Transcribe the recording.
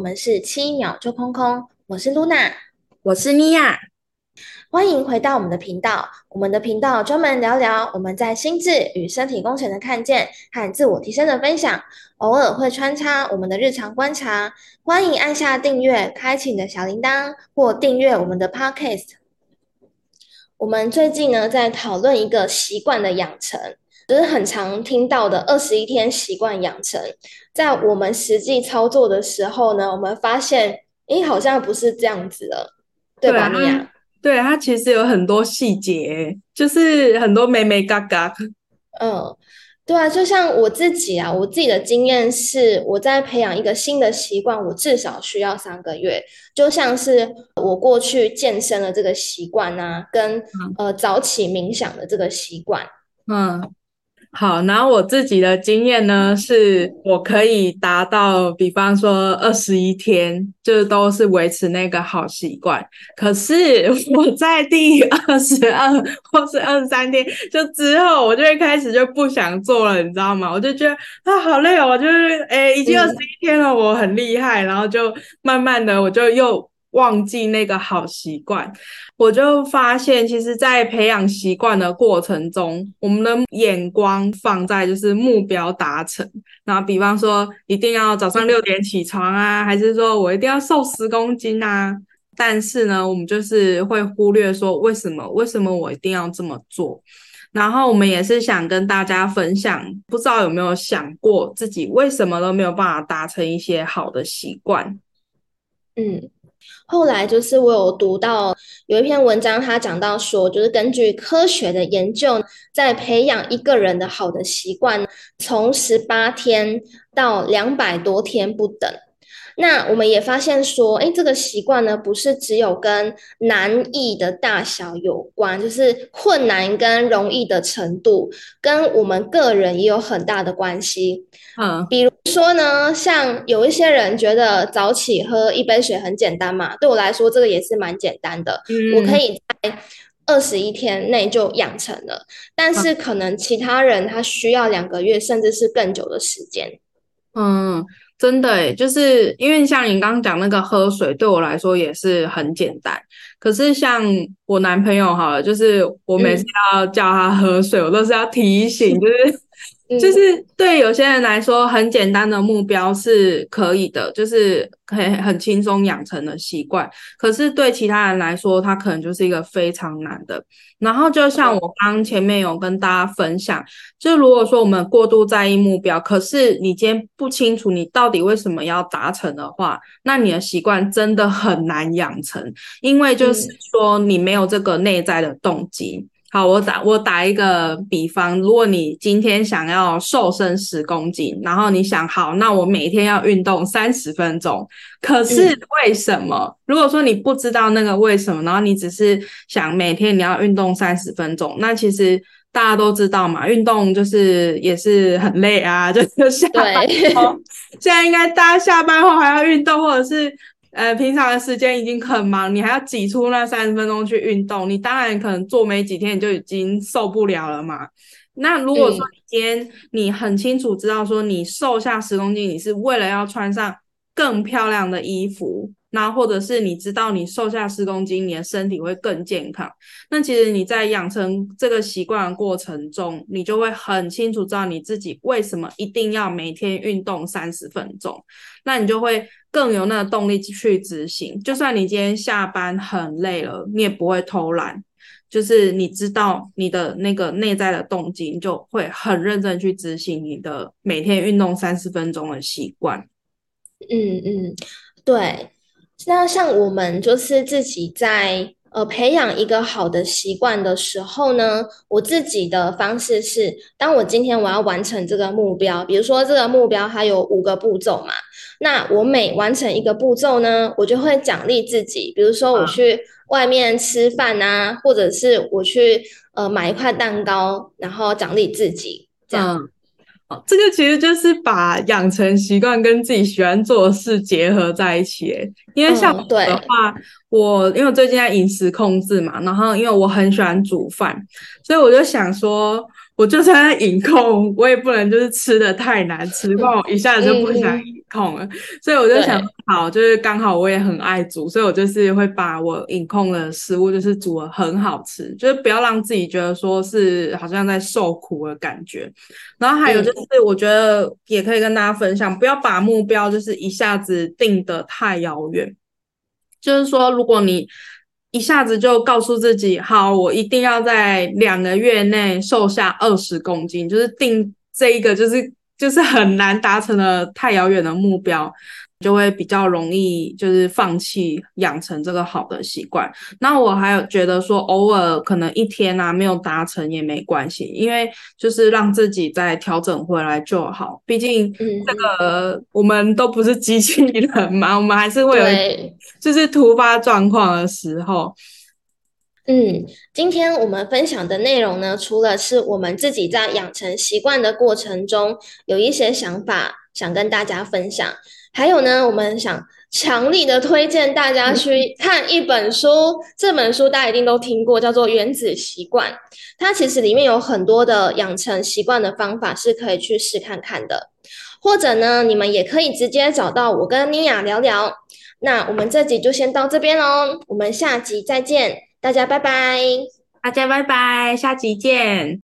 我們是七秒就空空，我是嚕那，我是尼婭。歡迎回到我們的頻道。我們的頻道專門聊聊我們在心智與身體工程的看見和自我提升的分享，偶爾會穿插我們的日常觀察。歡迎按下訂閱，開啟你的小鈴鐺，或訂閱我們的 Podcast。我們最近呢，在討論一個習慣的養成。就是很常聽到的二十一天習慣養成，在我們實際操作的時候呢，我們發現，哎、欸，好像不是這樣子的，對吧？你啊，對，它其實有很多細節，就是很多眉眉角角。嗯，對啊，就像我自己啊，我自己的經驗是，我在培養一個新的習慣，我至少需要三個月。就像是我過去健身的這個習慣啊，跟呃早起冥想的這個習慣，嗯。嗯好，然後我自己的經驗呢，是我可以達到，比方說二十一天，就都是維持那個好習慣。可是我在第二十二或是二十三天就之後，我就一開始就不想做了，你知道嗎？我就覺得啊，好累哦，我就是誒，已經二十一天了，我很厲害，然後就慢慢的，我就又。忘記那個好習慣，我就發現，其實，在培養習慣的過程中，我們的眼光放在就是目標達成，然後，比方說，一定要早上六點起床啊，還是說我一定要瘦十公斤啊，但是呢，我們就是會忽略說，為什麼？為什麼我一定要這麼做？然後，我們也是想跟大家分享，不知道有沒有想過自己為什麼都沒有辦法達成一些好的習慣？嗯。後來就是我有讀到有一篇文章，他講到說，就是根據科學的研究，在培養一個人的好的習慣，從十八天到兩百多天不等。那我們也發現說，哎，這個習慣呢，不是只有跟難易的大小有關，就是困難跟容易的程度，跟我們個人也有很大的關係。嗯。比如說呢，像有一些人覺得早起喝一杯水很簡單嘛，對我來說這個也是蠻簡單的，嗯。我可以在二十一天內就養成了，但是可能其他人他需要兩個月，甚至是更久的時間。嗯。真的誒、欸、就是因為像你剛講那個喝水，對我來說也是很簡單。可是像我男朋友哈，就是我每次要叫他喝水，嗯、我都是要提醒，就是。 就是對有些人來說，很簡單的目標是可以的，就是可以很輕鬆養成的習慣。可是對其他人來說，它可能就是一個非常難的。然後就像我剛前面有跟大家分享，就如果說我們過度在意目標，可是你今天不清楚你到底為什麼要達成的話，那你的習慣真的很難養成，因為就是說你沒有這個內在的動機。嗯好，我打我打一個比方，如果你今天想要瘦身十公斤，然後你想好，那我每天要運動三十分鐘。可是為什麼？嗯、如果說你不知道那個為什麼，然後你只是想每天你要運動三十分鐘，那其實大家都知道嘛，運動就是也是很累啊，就是下班對現在應該大家下班後還要運動，或者是？呃，平常的時間已經很忙，你還要擠出那三十分鐘去運動，你當然可能做沒幾天你就已經受不了了嘛。那如果說你今天你很清楚知道說你瘦下十公斤，你是為了要穿上更漂亮的衣服。那或者是你知道你瘦下十公斤，你的身體會更健康。那其實你在養成這個習慣的過程中，你就會很清楚知道你自己為什麼一定要每天運動三十分鐘。那你就會更有那個動力去執行。就算你今天下班很累了，你也不會偷懶。就是你知道你的那個內在的動機，你就會很認真去執行你的每天運動三十分鐘的習慣。嗯嗯，對。那像我們就是自己在呃培養一個好的習慣的時候呢，我自己的方式是，當我今天我要完成這個目標，比如說這個目標它有五個步驟嘛，那我每完成一個步驟呢，我就會獎勵自己，比如說我去外面吃飯啊，uh. 或者是我去呃買一塊蛋糕，然後獎勵自己這樣。Uh. 這個其實就是把養成習慣跟自己喜歡做的事結合在一起，因為像我的話，嗯、我因為我最近在飲食控制嘛，然後因為我很喜歡煮飯，所以我就想說，我就算在飲控， 我也不能就是吃的太難吃，不然一下子就不想，嗯嗯控了，所以我就想，好，就是剛好我也很愛煮，所以我就是會把我飲控的食物就是煮得很好吃，就是不要讓自己覺得說是好像在受苦的感覺。然後還有就是，我覺得也可以跟大家分享，不要把目標就是一下子定得太遙遠，就是說如果你一下子就告訴自己，好，我一定要在兩個月內瘦下二十公斤，就是定這一個就是。就是很難達成了太遙遠的目標，就會比較容易就是放棄養成這個好的習慣。那我還有覺得說，偶爾可能一天啊沒有達成也沒關係，因為就是讓自己再調整回來就好。畢竟這個我們都不是機器人嘛，嗯、我們還是會有就是突發狀況的時候。嗯，今天我們分享的內容呢，除了是我們自己在養成習慣的過程中有一些想法想跟大家分享，還有呢，我們想強力的推薦大家去看一本書，這本書大家一定都聽過，叫做《原子習慣》，它其實裡面有很多的養成習慣的方法是可以去試看看的，或者呢，你們也可以直接找到我跟尼婭聊聊。那我們這集就先到這邊嘍，我們下集再見。大家拜拜，大家拜拜，下集見。